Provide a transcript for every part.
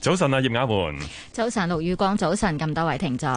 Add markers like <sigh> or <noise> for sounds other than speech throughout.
早晨啊，葉雅煥。早晨，陸宇光。早晨，咁多位聽眾。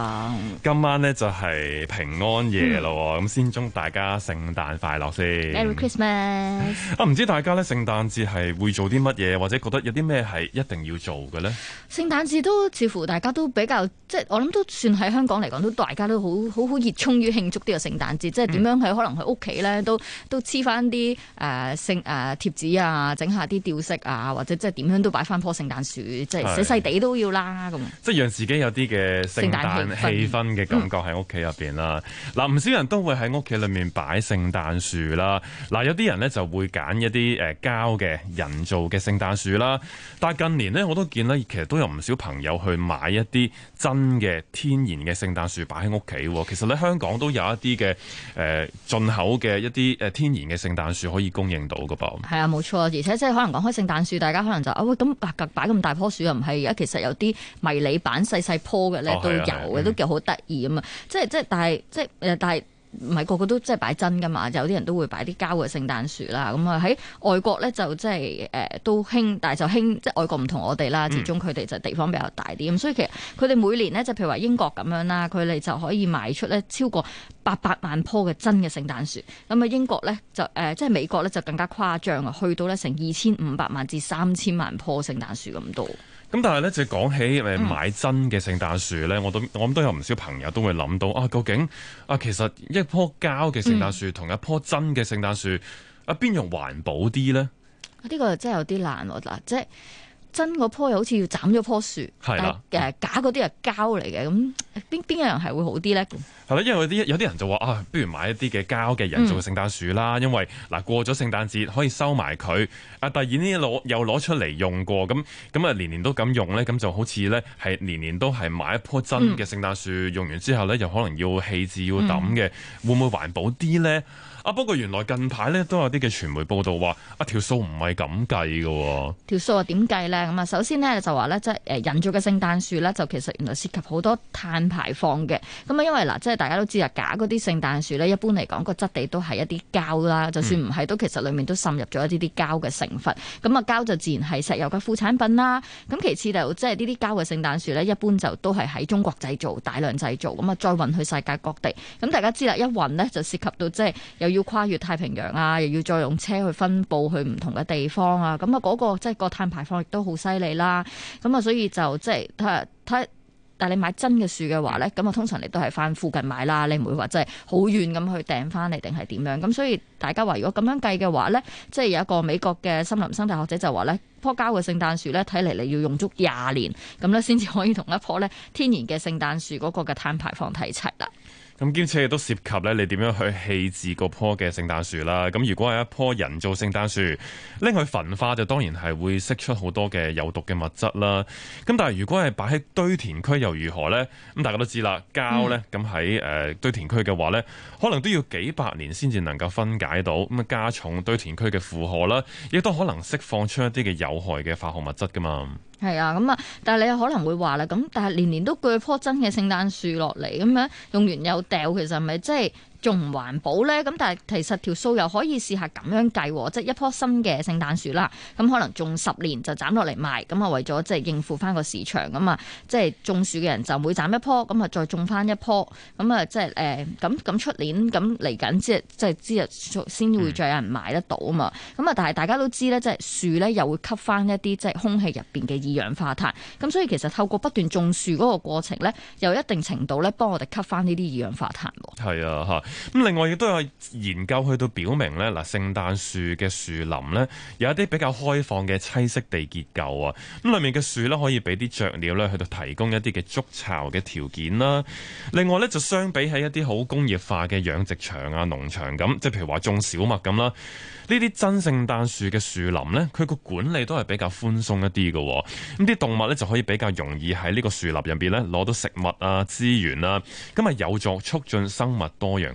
今晚呢，就係平安夜咯，咁先祝大家聖誕快樂先。Merry Christmas！啊，唔知大家咧聖誕節係會做啲乜嘢，或者覺得有啲咩係一定要做嘅呢？聖誕節都似乎大家都比較，即係我諗都算喺香港嚟講，都大家都好好好熱衷於慶祝呢個聖誕節，即係點樣喺可能喺屋企咧都都黐翻啲誒聖誒貼紙啊，整下啲吊飾啊，或者即係點樣都擺翻棵聖誕樹，即係。細細地都要啦，咁即係讓自己有啲嘅聖誕氣氛嘅感覺喺屋企入邊啦。嗱，唔少人都會喺屋企裏面擺聖誕樹啦。嗱，有啲人咧就會揀一啲誒膠嘅人造嘅聖誕樹啦。但係近年咧，我都見咧，其實都有唔少朋友去買一啲真嘅天然嘅聖誕樹擺喺屋企。其實咧，香港都有一啲嘅誒進口嘅一啲誒天然嘅聖誕樹可以供應到噶噃。係啊，冇錯，而且即係可能講開聖誕樹，大家可能就啊喂咁，擺咁大棵樹啊！係而家其實有啲迷你版細細棵嘅咧都有嘅，哦啊啊啊，都幾好得意啊嘛！即係即係，但係即係誒，但係唔係個個都即係擺真噶嘛？有啲人都會擺啲膠嘅聖誕樹啦。咁啊喺外國咧就即係誒、呃、都興，但係就興即係外國唔同我哋啦。始終佢哋就地方比較大啲，咁、嗯、所以其實佢哋每年咧就譬如話英國咁樣啦，佢哋就可以賣出咧超過八百萬棵嘅真嘅聖誕樹。咁、嗯、啊英國咧就誒、呃，即係美國咧就更加誇張啊，去到咧成二千五百萬至三千萬棵聖誕樹咁多。咁但係咧，就講起誒買真嘅聖誕樹咧、嗯，我都我諗都有唔少朋友都會諗到啊！究竟啊，其實一棵膠嘅聖誕樹同一棵真嘅聖誕樹，啊邊樣環保啲咧？呢、呢個真係有啲難嗱，即係真嗰棵又好似要斬咗棵樹，係啦，誒假嗰啲係膠嚟嘅，咁邊邊個人係會好啲咧？係咯，因為啲有啲人就話啊，不如買一啲嘅膠嘅人造聖誕樹啦、嗯，因為嗱過咗聖誕節可以收埋佢，啊第二呢攞又攞出嚟用過，咁咁啊年年都咁用咧，咁就好似咧係年年都係買一棵真嘅聖誕樹、嗯，用完之後咧又可能要棄置要抌嘅、嗯，會唔會環保啲咧？啊！不過原來近排咧都有啲嘅傳媒報道話，啊條數唔係咁計嘅。條數係啊點計咧？咁啊，首先咧就話咧，即係誒人造嘅聖誕樹咧，就其實原來涉及好多碳排放嘅。咁啊，因為嗱，即係大家都知啊，假嗰啲聖誕樹咧，一般嚟講個質地都係一啲膠啦，就算唔係、嗯，都其實裡面都滲入咗一啲啲膠嘅成分。咁啊，膠就自然係石油嘅副產品啦。咁其次就係、即係呢啲膠嘅聖誕樹咧，一般就都係喺中國製造、大量製造，咁啊再運去世界各地。咁大家知啦，一運咧就涉及到即係又，有要跨越太平洋啊，又要再用車去分布去唔同嘅地方啊，咁啊嗰個即係個碳排放亦都好犀利啦。咁啊，所以就即係睇下睇，但係你買真嘅樹嘅話咧，咁啊通常你都係翻附近買啦，你唔會話真係好遠咁去掟翻嚟定係點樣。咁所以大家話如果咁樣計嘅話咧，即係有一個美國嘅森林生態學者就話咧，棵膠嘅聖誕樹咧，睇嚟你要用足廿年咁咧，先至可以同一棵咧天然嘅聖誕樹嗰個嘅碳排放睇齊啦。咁兼且亦都涉及咧，你點樣去棄置嗰棵嘅聖誕樹啦。咁如果係一棵人造聖誕樹，拎去焚化就當然係會釋出好多嘅有毒嘅物質啦。咁但係如果係擺喺堆填區又如何呢？咁大家都知啦，膠呢，咁喺誒堆填區嘅話呢，可能都要幾百年先至能夠分解到，咁啊加重堆填區嘅負荷啦，亦都可能釋放出一啲嘅有害嘅化學物質噶嘛。係啊，咁啊，但係你又可能會話啦，咁但係年年都鋸棵真嘅聖誕樹落嚟，咁樣用完又掉，其實咪即係？仲唔環保咧？咁但係其實條數又可以試下咁樣計，即係一棵新嘅聖誕樹啦。咁可能種十年就斬落嚟賣，咁啊為咗即係應付翻個市場啊即係種樹嘅人就每斬一棵，咁啊再種翻一棵。咁啊即係誒咁咁出年咁嚟緊即係即係日先會再有人買得到啊嘛。咁、嗯、啊，但係大家都知咧，即係樹咧又會吸翻一啲即係空氣入面嘅二氧化碳。咁所以其實透過不斷種樹嗰個過程咧，有一定程度咧幫我哋吸翻呢啲二氧化碳。係啊，嚇！咁另外亦都有研究去到表明咧，嗱聖誕樹嘅樹林咧有一啲比較開放嘅棲息地結構啊，咁裏面嘅樹咧可以俾啲雀鳥咧去到提供一啲嘅築巢嘅條件啦。另外呢，就相比起一啲好工業化嘅養殖場啊、農場咁，即係譬如話種小麥咁啦，呢啲真聖誕樹嘅樹林咧，佢個管理都係比較寬鬆一啲嘅，咁啲動物咧就可以比較容易喺呢個樹林入邊咧攞到食物啊、資源啊，咁啊有助促進生物多樣。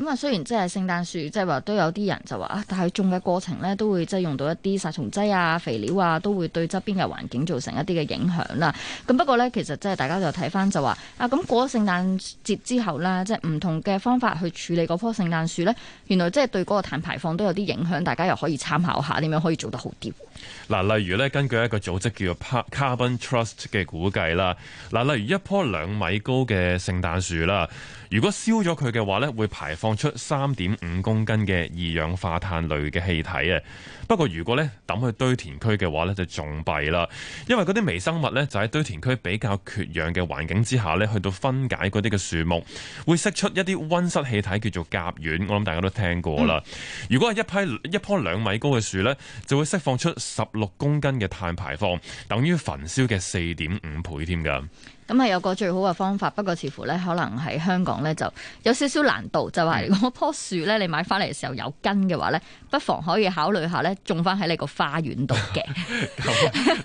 咁啊，雖然即係聖誕樹即係話都有啲人就話啊，但係種嘅過程咧，都會即係用到一啲殺蟲劑啊、肥料啊，都會對側邊嘅環境造成一啲嘅影響啦。咁不過咧，其實即係大家就睇翻，就話啊，咁過咗聖誕節之後啦，即係唔同嘅方法去處理嗰棵聖誕樹咧，原來即係對嗰個碳排放都有啲影響。大家又可以參考下點樣可以做得好啲。嗱，例如咧，根據一個組織叫做 Carbon Trust 嘅估計啦，嗱，例如一棵兩米高嘅聖誕樹啦，如果燒咗佢嘅話咧，會排放放出三點五公斤嘅二氧化碳類嘅氣體啊。不過如果咧，抌去堆填區嘅話咧，就仲弊啦，因為嗰啲微生物咧，就喺堆填區比較缺氧嘅環境之下咧，去到分解嗰啲嘅樹木，會釋出一啲溫室氣體叫做甲烷，我諗大家都聽過啦，嗯。如果係一批一棵兩米高嘅樹咧，就會釋放出十六公斤嘅碳排放，等於焚燒嘅四點五倍添㗎。咁係有個最好嘅方法，不過似乎咧可能喺香港咧就有少少難度，就係話，嗰棵樹咧你買翻嚟嘅時候有根嘅話咧，不妨可以考慮下咧種翻喺你個花園度嘅。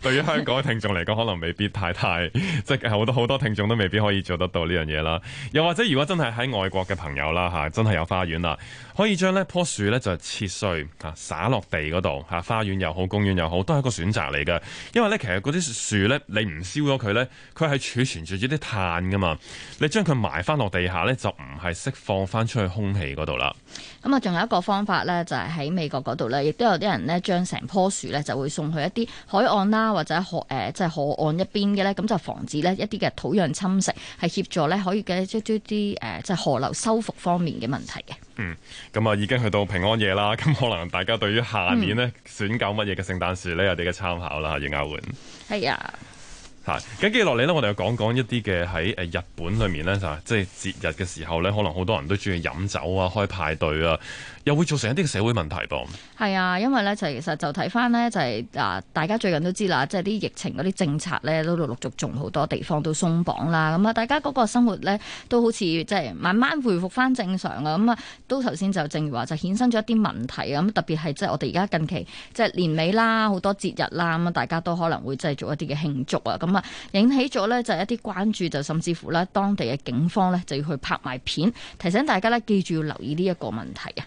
對於香港嘅聽眾嚟講，可能未必太太，即係好多好多聽眾都未必可以做得到呢樣嘢啦。又或者如果真係喺外國嘅朋友啦吓，真係有花園啦，可以將咧棵樹咧就切碎吓，灑落地嗰度吓，花園又好，公園又好，都係一個選擇嚟嘅，因為咧其實嗰啲樹咧你唔燒咗佢咧，佢係儲存。存住咗啲碳噶嘛，你將佢埋翻落地下咧，就唔係釋放翻出去空氣嗰度啦。咁啊，仲有一個方法咧，就係、是、喺美國嗰度咧，亦都有啲人咧將成棵樹咧，就會送去一啲海岸啦，或者河誒，即係河岸一邊嘅咧，咁就防止呢一啲嘅土壤侵蝕，係協助咧可以嘅一啲誒，即係河流修復方面嘅問題嘅。嗯，咁、嗯、啊、嗯嗯，已經去到平安夜啦，咁可能大家對於下年咧選購乜嘢嘅聖誕樹咧，有啲嘅參考啦，葉雅煥。係啊。吓，咁跟住落嚟咧，我哋又講講一啲嘅喺誒日本裏面咧，就係即係節日嘅時候咧，可能好多人都中意飲酒啊，開派對啊。又會造成一啲社會問題噃？係啊，因為咧就其實就睇翻呢，就係、是、嗱、啊，大家最近都知啦，即係啲疫情嗰啲政策咧都陸陸陸續續好多地方都鬆綁啦。咁啊，大家嗰個生活咧都好似即係慢慢恢復翻正常啊。咁啊，都頭先就正如話就衍生咗一啲問題咁，啊，特別係即係我哋而家近期即係、就是、年尾啦，好多節日啦，咁啊，大家都可能會即係做一啲嘅慶祝啊，咁啊，引起咗呢，就係、一啲關注，就甚至乎呢當地嘅警方呢，就要去拍賣片，提醒大家呢，記住要留意呢一個問題啊！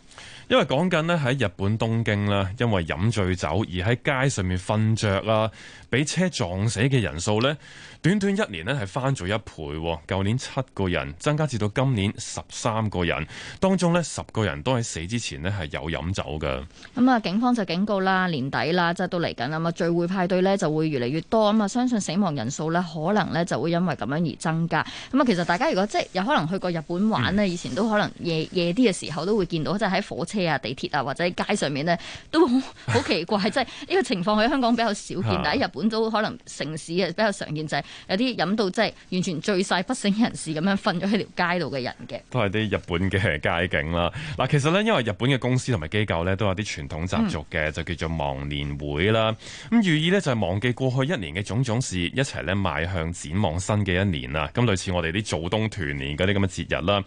因為講緊咧喺日本東京啦，因為飲醉酒而喺街上面瞓着啦。俾車撞死嘅人數咧，短短一年咧係翻咗一倍。舊年七個人，增加至到今年十三個人。當中咧十個人都喺死之前咧係有飲酒嘅。咁、嗯、啊，警方就警告啦，年底啦，即係都嚟緊啦。咁啊，聚會派對呢就會越嚟越多。咁啊，相信死亡人數呢可能呢就會因為咁樣而增加。咁啊，其實大家如果即係有可能去過日本玩呢、嗯，以前都可能夜夜啲嘅時候都會見到，即係喺火車啊、地鐵啊或者街上面呢，都好奇怪， <laughs> 即係呢個情況喺香港比較少見， <laughs> 但喺日本。本都可能城市啊，比較常見，就係有啲飲到即係完全醉晒不省人事咁樣瞓咗喺條街度嘅人嘅，都係啲日本嘅街景啦。嗱，其實咧，因為日本嘅公司同埋機構咧都有啲傳統習俗嘅，就叫做忘年會啦。咁寓意咧就係忘記過去一年嘅種種事，一齊咧邁向展望新嘅一年啦。咁類似我哋啲早冬團年嗰啲咁嘅節日啦。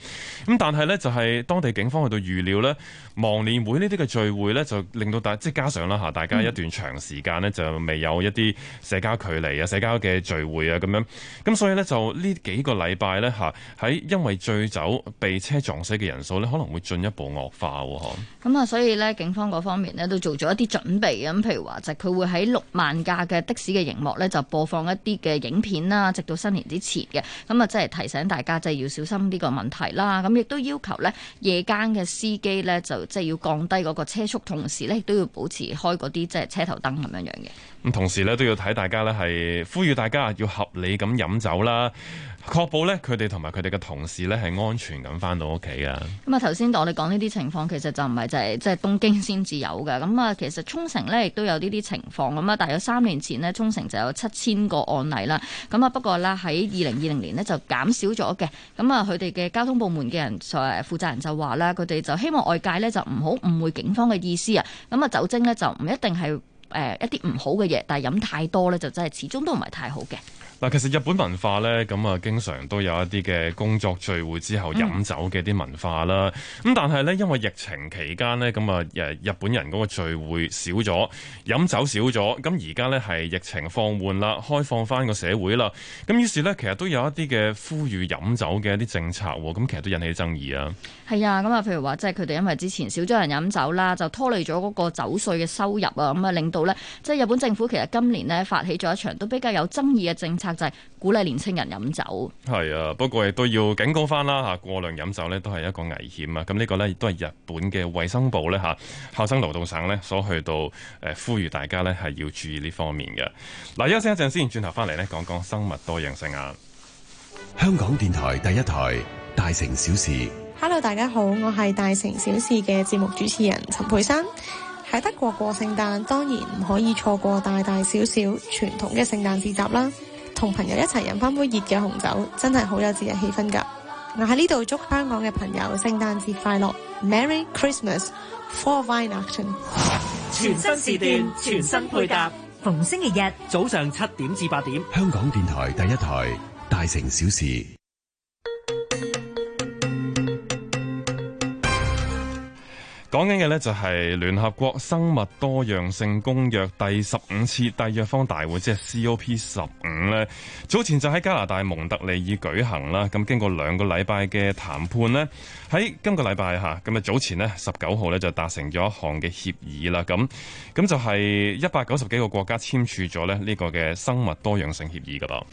咁但係咧，就係當地警方去到預料咧，忘年會呢啲嘅聚會咧，就令到大即係加上啦吓，大家一段長時間咧就未有一啲。社交距離啊，社交嘅聚會啊，咁樣，咁所以呢，就呢幾個禮拜呢，嚇，喺因為醉酒被車撞死嘅人數呢，可能會進一步惡化喎，嚇。咁啊，所以呢，警方嗰方面呢，都做咗一啲準備，咁譬如話就佢會喺六萬架嘅的，的士嘅熒幕呢，就播放一啲嘅影片啦，直到新年之前嘅，咁啊即係提醒大家即係要小心呢個問題啦。咁亦都要求呢，夜間嘅司機呢，就即係要降低嗰個車速，同時呢，亦都要保持開嗰啲即係車頭燈咁樣樣嘅。咁同時呢，都要。要睇大家咧，係呼籲大家要合理咁飲酒啦，確保咧佢哋同埋佢哋嘅同事咧，係安全咁翻到屋企啊！咁啊，頭先我哋講呢啲情況，其實就唔係就係即係東京先至有嘅。咁啊，其實沖繩咧亦都有呢啲情況咁啊。大約三年前咧，沖繩就有七千個案例啦。咁啊，不過啦，喺二零二零年咧就減少咗嘅。咁啊，佢哋嘅交通部門嘅人就負責人就話啦，佢哋就希望外界咧就唔好誤會警方嘅意思啊。咁啊，酒精咧就唔一定係。誒、呃、一啲唔好嘅嘢，但係飲太多咧，就真係始終都唔係太好嘅。嗱，其實日本文化咧，咁啊，經常都有一啲嘅工作聚會之後飲酒嘅啲文化啦。咁、嗯、但係咧，因為疫情期間咧，咁啊，日本人嗰個聚會少咗，飲酒少咗。咁而家咧係疫情放緩啦，開放翻個社會啦。咁於是咧，其實都有一啲嘅呼籲飲酒嘅一啲政策喎。咁其實都引起爭議啊。係啊，咁啊，譬如話，即係佢哋因為之前少咗人飲酒啦，就拖累咗嗰個酒稅嘅收入啊。咁啊，令到咧，即係日本政府其實今年咧發起咗一場都比較有爭議嘅政策。就係、是，鼓勵年青人飲酒，係啊，不過亦都要警告翻啦。吓，過量飲酒咧都係一個危險啊。咁呢個咧亦都係日本嘅衛生部咧吓，厚生勞動省咧所去到誒，呼籲大家咧係要注意呢方面嘅嗱。休息一陣先，轉頭翻嚟咧講講生物多樣性啊。香港電台第一台大城小事，Hello，大家好，我係大城小事嘅節目主持人陳佩珊。喺德國過聖誕，當然唔可以錯過大大小小傳統嘅聖誕市集啦。同朋友一齊飲翻杯熱嘅紅酒，真係好有節日氣氛噶。我喺呢度祝香港嘅朋友聖誕節快樂 Merry Christmas for Vine Action 講緊嘅呢，就係聯合國生物多樣性公約第十五次締約方大會，即係 COP 十五呢，早前就喺加拿大蒙特利爾舉行啦。咁經過兩個禮拜嘅談判呢，喺今個禮拜吓，咁啊早前呢，十九號呢，就達成咗一項嘅協議啦。咁咁就係一百九十幾個國家簽署咗呢個嘅生物多樣性協議噶噃。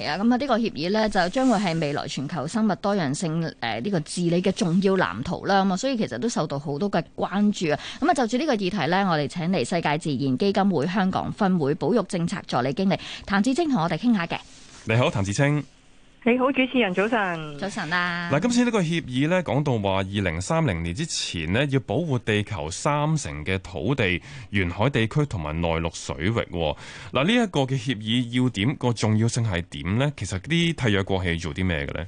係啊，咁啊呢個協議呢，就將會係未來全球生物多樣性誒呢、呃這個治理嘅重要藍圖啦。咁啊，所以其實都受到好多嘅。關注啊！咁啊，就住呢個議題呢，我哋請嚟世界自然基金會香港分會保育政策助理經理譚芷菁同我哋傾下嘅。你好，譚芷菁。你好，主持人，早晨。早晨啦。嗱，今次呢個協議呢，講到話二零三零年之前呢，要保護地球三成嘅土地、沿海地區同埋內陸水域。嗱，呢一個嘅協議要點個重要性係點呢？其實啲締約國係要做啲咩嘅呢？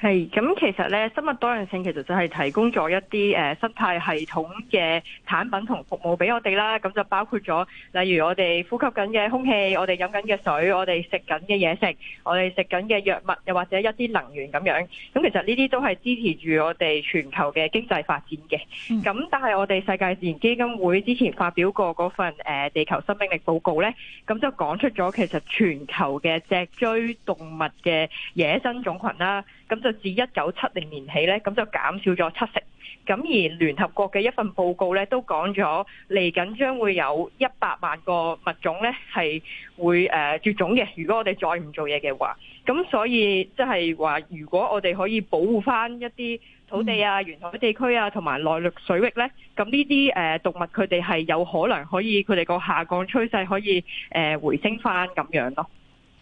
係咁，其實咧，生物多樣性其實就係提供咗一啲誒、呃、生態系統嘅產品同服務俾我哋啦。咁就包括咗，例如我哋呼吸緊嘅空氣，我哋飲緊嘅水，我哋食緊嘅嘢食，我哋食緊嘅藥物，又或者一啲能源咁樣。咁其實呢啲都係支持住我哋全球嘅經濟發展嘅。咁、嗯、但係我哋世界自然基金會之前發表過嗰份誒、呃、地球生命力報告咧，咁就講出咗其實全球嘅脊椎動物嘅野生種群啦。咁就自一九七零年起呢，咁就減少咗七成。咁而聯合國嘅一份報告呢，都講咗嚟緊將會有一百萬個物種呢係會誒、呃、絕種嘅。如果我哋再唔做嘢嘅話，咁所以即係話，如果我哋可以保護返一啲土地啊、沿海地區啊、同埋內陸水域呢，咁呢啲誒動物佢哋係有可能可以佢哋個下降趨勢可以誒、呃、回升返咁樣咯。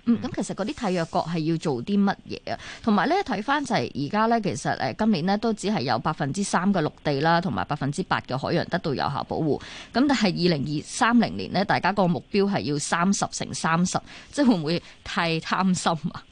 嗯，咁其實嗰啲締約國係要做啲乜嘢啊？同埋咧，睇翻就係而家咧，其實誒今年咧都只係有百分之三嘅陸地啦，同埋百分之八嘅海洋得到有效保護。咁但係二零二三零年咧，大家個目標係要三十乘三十，即係會唔會太貪心啊？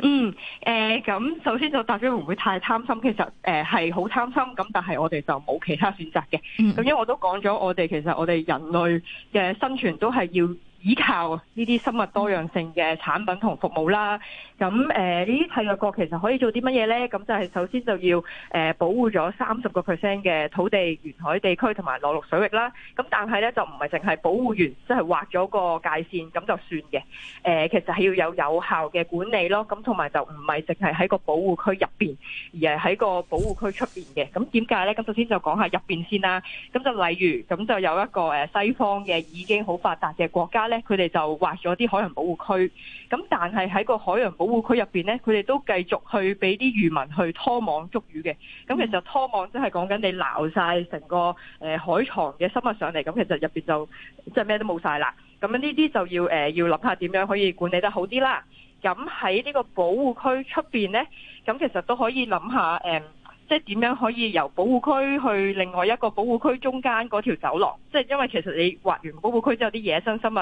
嗯，誒、呃，咁首先就大家會唔會太貪心？其實誒係好貪心，咁但係我哋就冇其他選擇嘅。咁、嗯、因為我都講咗，我哋其實我哋人類嘅生存都係要。依靠呢啲生物多樣性嘅產品同服務啦，咁誒呢啲係外國其實可以做啲乜嘢咧？咁就係首先就要誒、呃、保護咗三十個 percent 嘅土地、沿海地區同埋內陸水域啦。咁但係咧就唔係淨係保護完，即係劃咗個界線，咁就算嘅。誒、呃、其實係要有有效嘅管理咯。咁同埋就唔係淨係喺個保護區入邊，而係喺個保護區出邊嘅。咁點解咧？咁首先就講下入邊先啦。咁就例如咁就有一個誒西方嘅已經好發達嘅國家咧。佢哋就劃咗啲海洋保護區，咁但係喺個海洋保護區入邊呢，佢哋都繼續去俾啲漁民去拖網捉魚嘅，咁其實拖網即係講緊你撈晒成個誒海床嘅生物上嚟，咁其實入邊就即係咩都冇晒啦，咁呢啲就要誒、呃、要諗下點樣可以管理得好啲啦。咁喺呢個保護區出邊呢，咁其實都可以諗下誒。嗯即係點樣可以由保護區去另外一個保護區中間嗰條走廊？即係因為其實你劃完保護區之後，啲野生生物。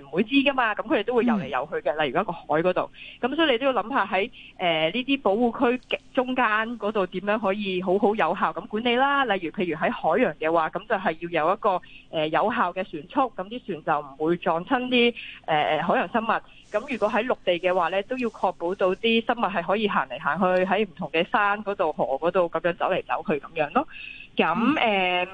誒，唔會知噶嘛？咁佢哋都會游嚟游去嘅，例如一個海嗰度。咁所以你都要諗下喺誒呢啲保護區中間嗰度點樣可以好好有效咁管理啦。例如，譬如喺海洋嘅話，咁就係要有一個誒、呃、有效嘅船速，咁啲船就唔會撞親啲誒海洋生物。咁如果喺陸地嘅話呢，都要確保到啲生物係可以行嚟行去，喺唔同嘅山嗰度、河嗰度咁樣走嚟走去咁樣咯。咁誒。嗯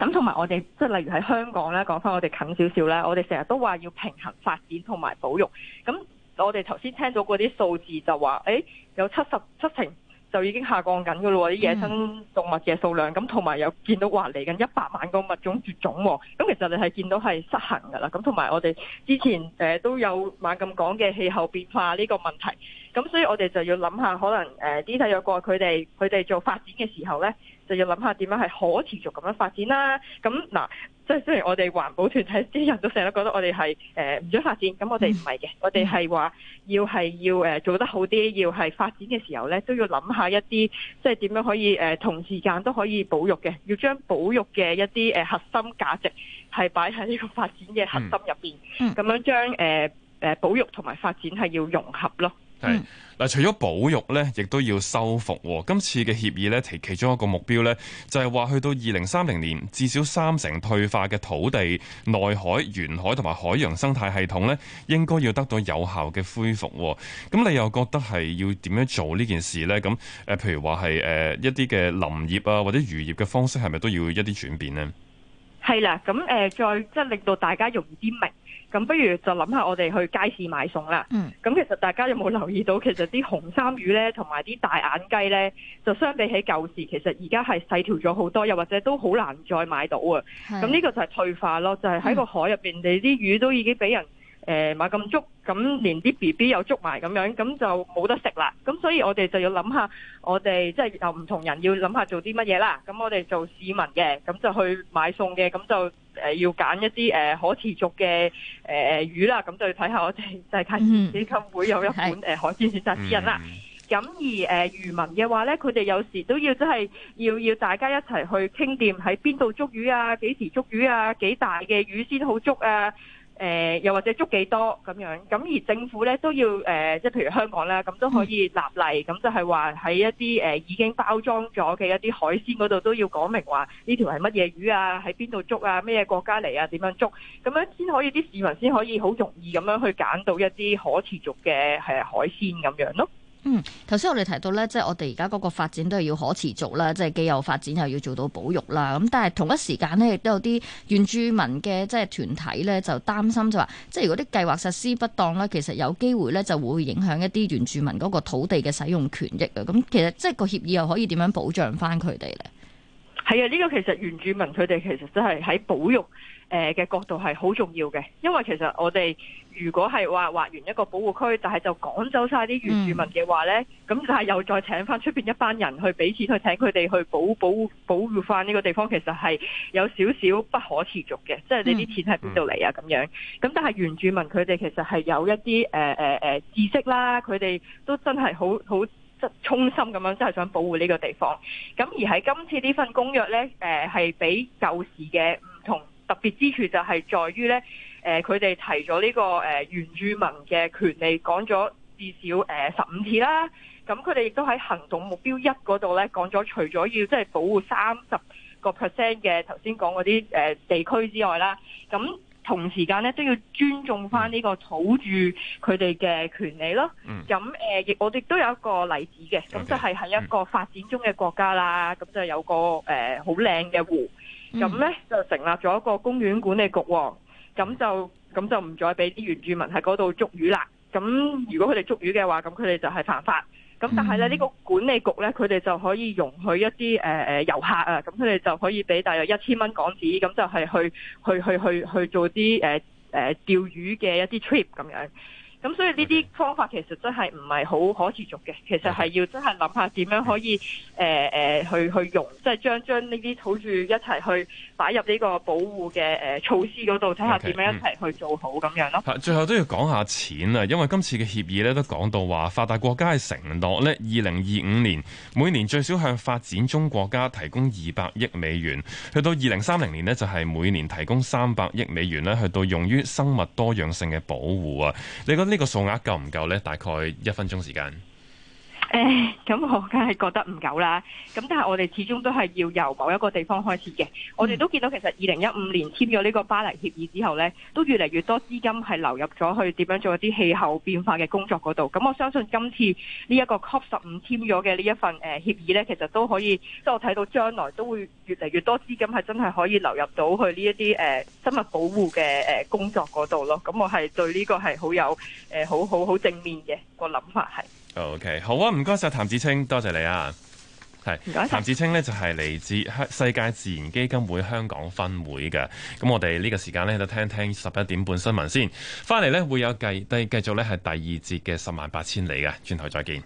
咁同埋我哋即係例如喺香港咧，講翻我哋近少少呢，我哋成日都話要平衡發展同埋保育。咁我哋頭先聽到嗰啲數字就話，誒、欸、有七成、七成就已經下降緊㗎咯喎，啲野生動物嘅數量。咁同埋又見到話嚟緊一百萬個物種絕種。咁其實你係見到係失衡㗎啦。咁同埋我哋之前、呃、都有猛咁講嘅氣候變化呢個問題。咁所以我哋就要諗下，可能誒啲締約國佢哋佢哋做發展嘅時候咧。就要諗下點樣係可持續咁樣發展啦。咁嗱，即係雖然我哋環保團體啲人都成日覺得我哋係誒唔想發展，咁我哋唔係嘅，我哋係話要係要誒做得好啲，要係發展嘅時候咧，都要諗下一啲即係點樣可以誒、呃、同時間都可以保育嘅，要將保育嘅一啲誒核心價值係擺喺呢個發展嘅核心入邊，嗯，咁樣將誒誒保育同埋發展係要融合咯。係嗱，除咗保育咧，亦都要修復、哦。今次嘅協議咧，其其中一個目標咧，就係、是、話去到二零三零年，至少三成退化嘅土地、內海、沿海同埋海洋生態系統咧，應該要得到有效嘅恢復、哦。咁你又覺得係要點樣做呢件事咧？咁誒、呃，譬如話係誒一啲嘅林業啊，或者漁業嘅方式，係咪都要一啲轉變呢？係啦，咁誒、呃，再即係令到大家容易啲明。咁不如就諗下我哋去街市買餸啦。咁、嗯、其實大家有冇留意到，其實啲紅衫魚呢同埋啲大眼雞呢，就相比起舊時，其實而家係細條咗好多，又或者都好難再買到啊。咁呢個就係退化咯，就係、係、喺個海入邊，嗯、你啲魚都已經俾人。誒，買咁足，咁連啲 B B 又捉埋，咁樣，咁就冇得食啦。咁所以我哋就要諗下，我哋即係又唔同人要諗下做啲乜嘢啦。咁我哋做市民嘅，咁就去買餸嘅，咁就誒要揀一啲誒可持續嘅誒、呃、魚啦。咁就睇下我哋大家最近會有一款誒海鮮選擇指引啦。咁、mm. 而誒漁、呃、民嘅話呢，佢哋有時都要即係、就是、要要大家一齊去傾掂喺邊度捉魚啊，幾時捉魚啊，幾大嘅魚先好捉啊。誒、呃、又或者捉幾多咁樣，咁而政府呢都要誒，即係、呃、譬如香港啦咁都可以立例，咁、嗯、就係話喺一啲誒、呃、已經包裝咗嘅一啲海鮮嗰度都要講明話呢條係乜嘢魚啊，喺邊度捉啊，咩國家嚟啊，點樣捉，咁樣先可以啲市民先可以好容易咁樣去揀到一啲可持續嘅、呃、海鮮咁樣咯。嗯，頭先我哋提到咧，即係我哋而家嗰個發展都係要可持續啦，即係既有發展又要做到保育啦。咁但係同一時間咧，亦都有啲原住民嘅即係團體咧，就擔心就話，即係如果啲計劃實施不當咧，其實有機會咧就會影響一啲原住民嗰個土地嘅使用權益。咁其實即係個協議又可以點樣保障翻佢哋咧？係啊，呢個其實原住民佢哋其實真係喺保育。誒嘅角度係好重要嘅，因為其實我哋如果係話劃完一個保護區，但係就趕走晒啲原住民嘅話呢咁、嗯、就係又再請翻出面一班人去俾錢去請佢哋去保保保護翻呢個地方，其實係有少少不可持續嘅、嗯，即係呢啲錢喺邊度嚟啊？咁樣咁但係原住民佢哋其實係有一啲誒誒誒知識啦，佢哋都真係好好衷心咁樣，真係想保護呢個地方。咁而喺今次呢份公約呢，誒、呃、係比舊時嘅唔同。.特別之處就係在於呢，誒佢哋提咗呢、這個誒、呃、原住民嘅權利，講咗至少誒十五次啦。咁佢哋亦都喺行動目標一嗰度呢，講咗，除咗要即係保護三十個 percent 嘅頭先講嗰啲誒地區之外啦，咁同時間呢，都要尊重翻呢個土著佢哋嘅權利咯。咁、嗯、亦、呃、我哋都有一個例子嘅，咁就係喺一個發展中嘅國家啦，咁就有個誒好靚嘅湖。咁、嗯、呢就成立咗一個公園管理局，咁就咁就唔再畀啲原住民喺嗰度捉魚啦。咁如果佢哋捉魚嘅話，咁佢哋就係犯法。咁但係呢呢、呢個管理局呢，佢哋就可以容許一啲誒、呃、遊客啊，咁佢哋就可以畀大約一千蚊港紙，咁就係去去去去去做啲誒誒釣魚嘅一啲 trip 咁樣。咁所以呢啲方法其實真係唔係好可持續嘅，其實，係要真係諗下點樣可以誒誒、okay. 呃、去去用，即係將將呢啲土著一齊去擺入呢個保護嘅誒措施嗰度，睇下點樣一齊去做好咁樣咯。Okay. Mm. 最後都要講下錢啊，因為今次嘅協議咧都講到話發達國家嘅承諾咧，二零二五年每年最少向發展中國家提供二百億美元，去到二零三零年咧就係每年提供三百億美元咧去到用於生物多樣性嘅保護啊！你覺得？呢個數額夠唔夠咧？大概一分鐘時間。誒，咁我梗係覺得唔夠啦。咁但係我哋始終都係要由某一個地方開始嘅。我哋都見到其實二零一五年簽咗呢個巴黎協議之後呢，都越嚟越多資金係流入咗去點樣做一啲氣候變化嘅工作嗰度。咁我相信今次呢一個 COP 十五簽咗嘅呢一份誒協議呢，其實都可以即係我睇到將來都會越嚟越多資金係真係可以流入到去呢一啲誒生物保護嘅誒工作嗰度咯。咁我係對呢個係好有誒、啊、好好好正面嘅個諗法係。O、okay, K，好啊，唔該晒譚芷菁，多謝，謝你啊。係譚芷菁呢，就係、是、嚟自香世界自然基金會香港分會嘅。咁我哋呢個時間呢，就聽聽十一點半新聞先。翻嚟呢，會有繼繼續呢係第二節嘅十萬八千里嘅。轉頭再見。